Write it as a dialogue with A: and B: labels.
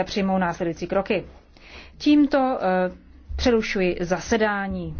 A: se přijmou následující kroky. Tímto eh, přerušuji zasedání.